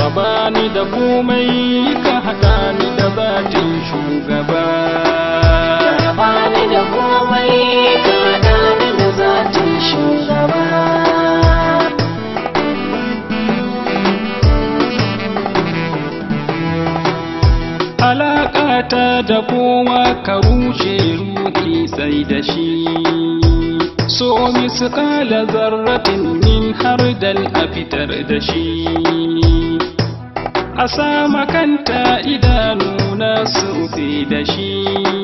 raba ni da komai ka haɗa ni da batin shugaba ta da kowa ka rushe ruki sai da shi so su kala zarratin min har dal a fitar da shi a sama kanta idanu na su da shi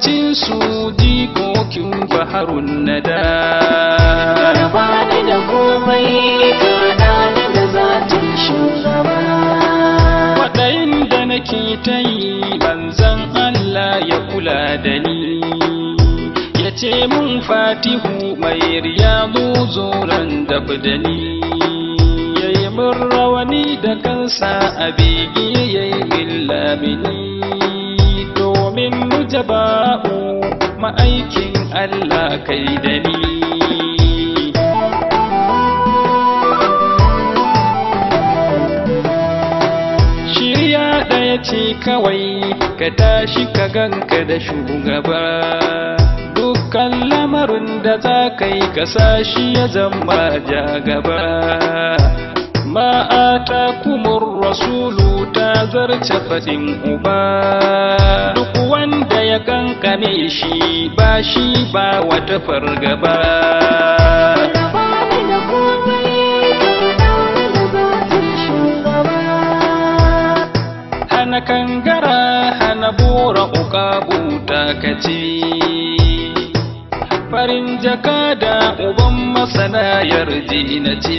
lokacin su jikokin baharun na da Barba ni da komai kaɗa ni da zatin shugaba Waɗayin da nake ta yi manzan Allah ya kula da ni Ya ce mun fatihu mai riyadu zoran da ni Ya yi mun rawani da kansa a bege ya yi illa mini jaba'u ma'aikin Allah kai da ni Shirya ce kawai ka tashi ka ganka da shugaba dukkan lamarin da za ka yi ka ya zama ja jagaba ma'ata kumur rasulu ta zarce faɗin uba duk wani ne shi ba shi ba wata fargaba. Hana kangara hana bora uka buta kaci. Farin jaka da uban masana yarji na ci.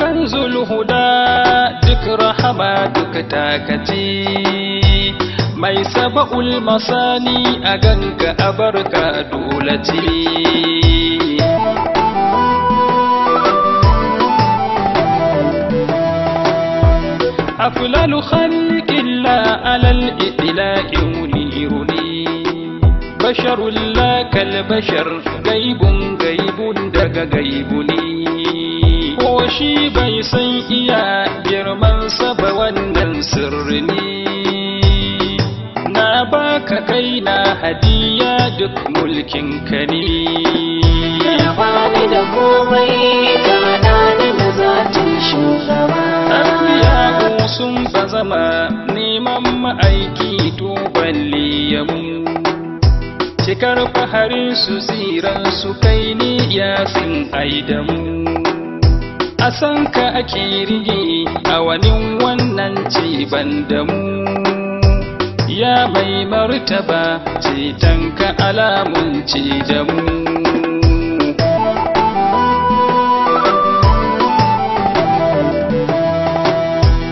Kan zulhuda duk rahama duk takaci. mai saba'ul masani a ganga abarka dolaci afilalu khalqin la alal itilai wuni-wuni basharun lakal bashar gaibun gaibun daga gaibuni ko shi bai san iya girman saba wannan sirri na baka kaina hadiya duk mulkin ka ne ba da komai da zatin sun zama neman ma'aiki tuballe liyamu. Cikar faharin su tsiran su kai ni yasin aidamu A san ka ake rige a wani wannan ce ban damu ya mai martaba cetonka alamun ce da mu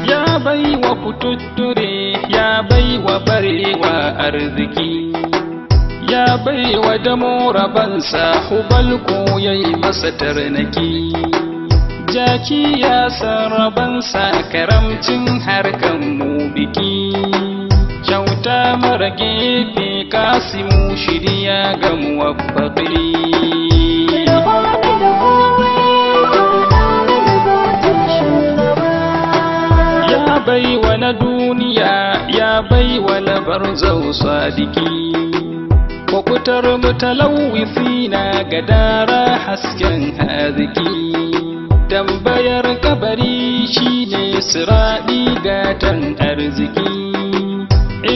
ya bai wa kututture ya bai wa barewa arziki ya bai wa damo hubalko ya yi masa tarnaki jaki ya san rabansa karamcin harkan mu biki kyauta mara gefe kasimu shirya ga ya bai wa na duniya ya bai wa na barzau sadiki kwakutar mutalawifina na gadara hasken haziki tambayar kabari shi shine siraɗi gatan arziki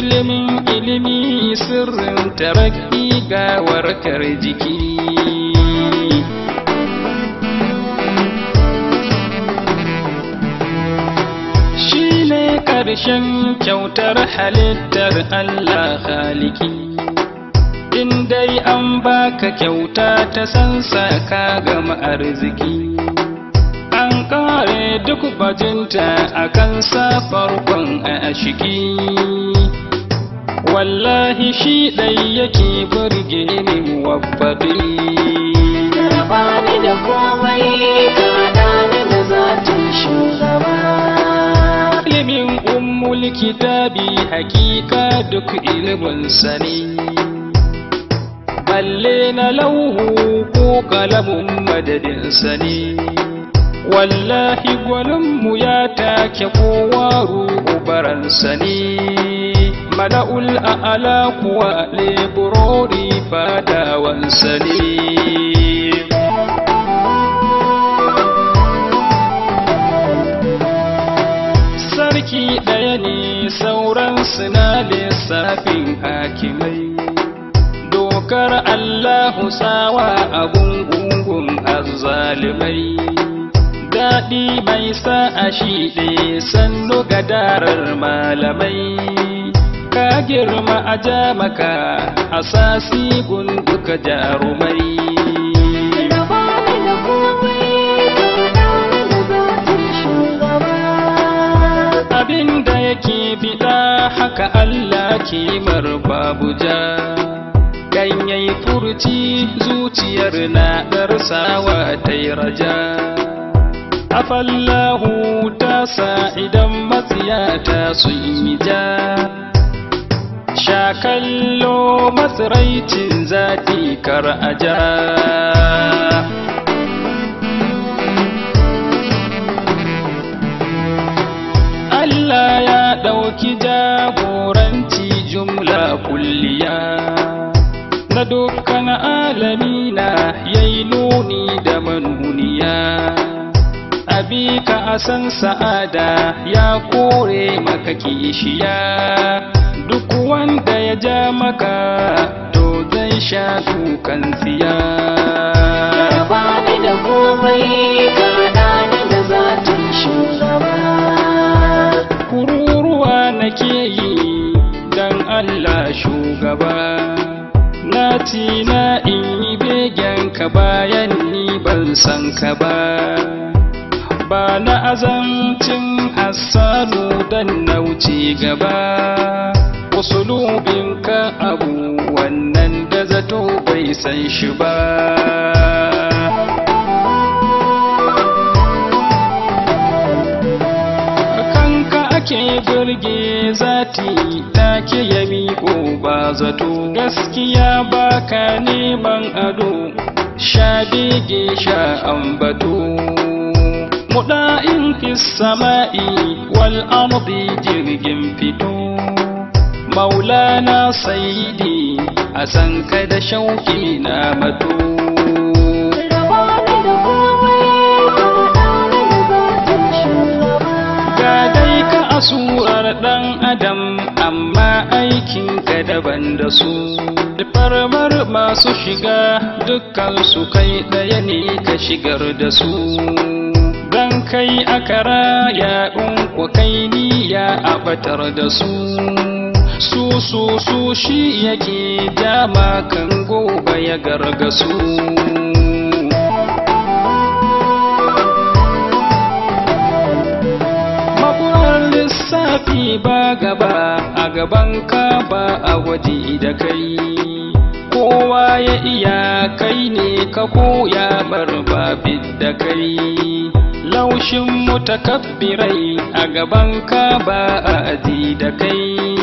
ilimin ilimi sirrin tarakki ga warkar jiki shi ne ƙarshen kyautar halittar Allah haliki in dai an baka kyauta ta san ka gama arziki an kare duk bajinta a kan kwan a shiki wallahi shi ɗai yake barge ni muwabbaɗi ba ni kitabi hakika duk ilimin sani balle na lauhu ko kalamun madadin sani wallahi gwaninmu ya take kowa ru'ubaransa ne mala'ul a'ala kuwa leburori fadawan sani sarki ɗaya ne sauran suna lissafin hakimai dokar allahu sawa abun gungun azzalimai daɗi mai sa a shi ɗaya sannu gadarar malamai ka girma a ja a sasi gunduka jarumai abinda yake fiɗa haka Allah ke marbabuja dan yayi furci zuciyar na ɗarsawa ta raja afallahu ta sa idan matsiyata sun yi ja sha kallo matsiraicin zafi kar a jira Allah ya ɗauki jagoranci jumla kulliya na dukkan alamina ya yi nuni da manuniya abi ka a san sa'ada ya kore maka kishiya duk wanda ya ja maka to zai sha dukan tsiya ba ni da da shugaba kururuwa nake yi dan Allah shugaba na ci na in yi begen ka bayan ni ban san ka ba ba na azancin asalu don na gaba usulubinka abu wannan da zato bai san shi ba ake birge zati take yami ko ba zato gaskiya ba ka neman ado sha bege sha ambato in fi sama'i wal ardi jirgin maulana saidi a san ka da shauki na mato surar ɗan adam amma ka daban da su farmar masu shiga dukkan su kai ɗaya ne ka shigar da su dan kai a kara ya ɗin kai ni ya abatar da su su su su shi yake dama kan gobe ya gargasu makurar lissafi ba gaba a gaban ka ba a waje da kai kowa ya iya kai ne ka koya Bar babin da kai laushin mutakabbirai a gaban ka ba a aji da kai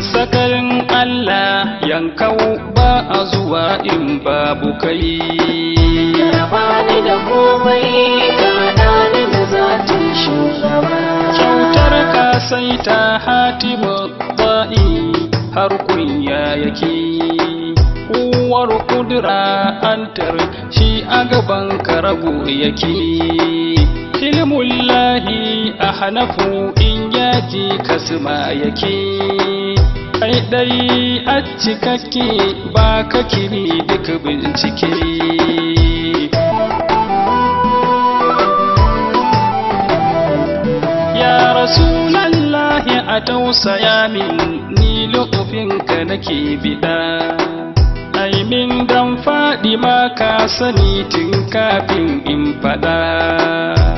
sakarin Allah yankau ba a zuwa in babu kai. cutar ni da komai da zatin shugaba. Cutar ka sai ta hatimu ba'i har kunya yake. Uwar kudura antar shi a gaban karago yake. Ilmullahi a hanafu in yaji kasma yake ai dai a cikakke ba ka kiri duk bincike lallahi a tausaya min ni lukufinka nake bida ai min dan faɗi ma ka sani tun kafin in faɗa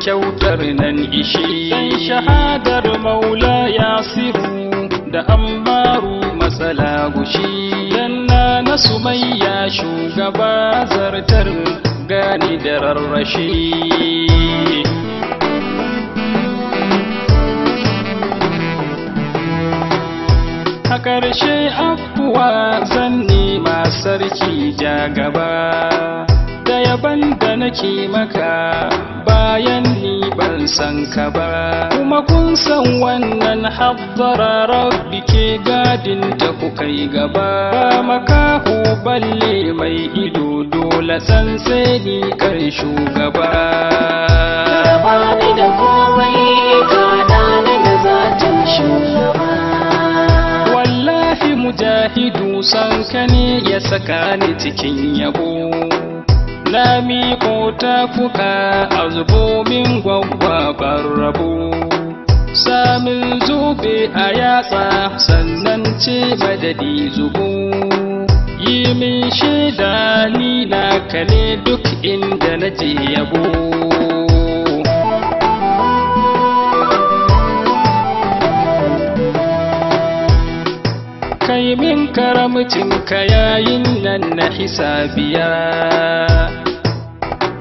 kyautar nan ishi shahadar maula ya siru da ammaru matsala gushi Yanna na sumayya shugaba zartar gani da rarrashi a ƙarshe afuwa zan nema sarki ja gaba da yaban da nake maka bayan ni ban san ka ba kuma kun san wannan haddara rabbi ke gadin ta ku kai gaba ba makahu balle mai ido dole san sai ni kan shugaba ba komai wallahi mujahidu san ne ya saka ni cikin yabo na ta fuka a zubomin gwaggwabar rabo samun zube a yatsa sannan ce madadi zubo yi min shida ni na kane duk inda na je yabo kai min karamcin ka yayin nan na hisabiya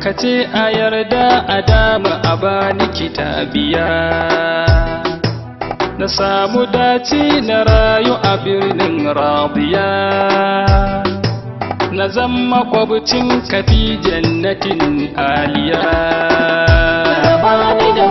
ka ce a yarda a dama a bani kitabiya na samu dace na rayu a birnin rabiya na zan makwabcin kafi jannatin aliya. bani da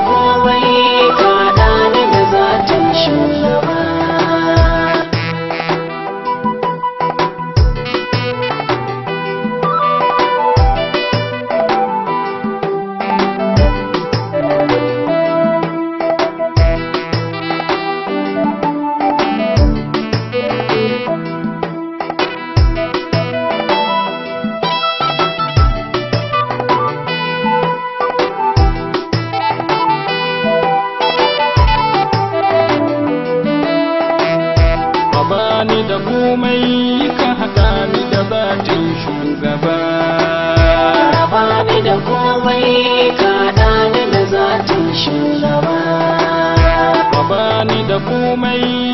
komai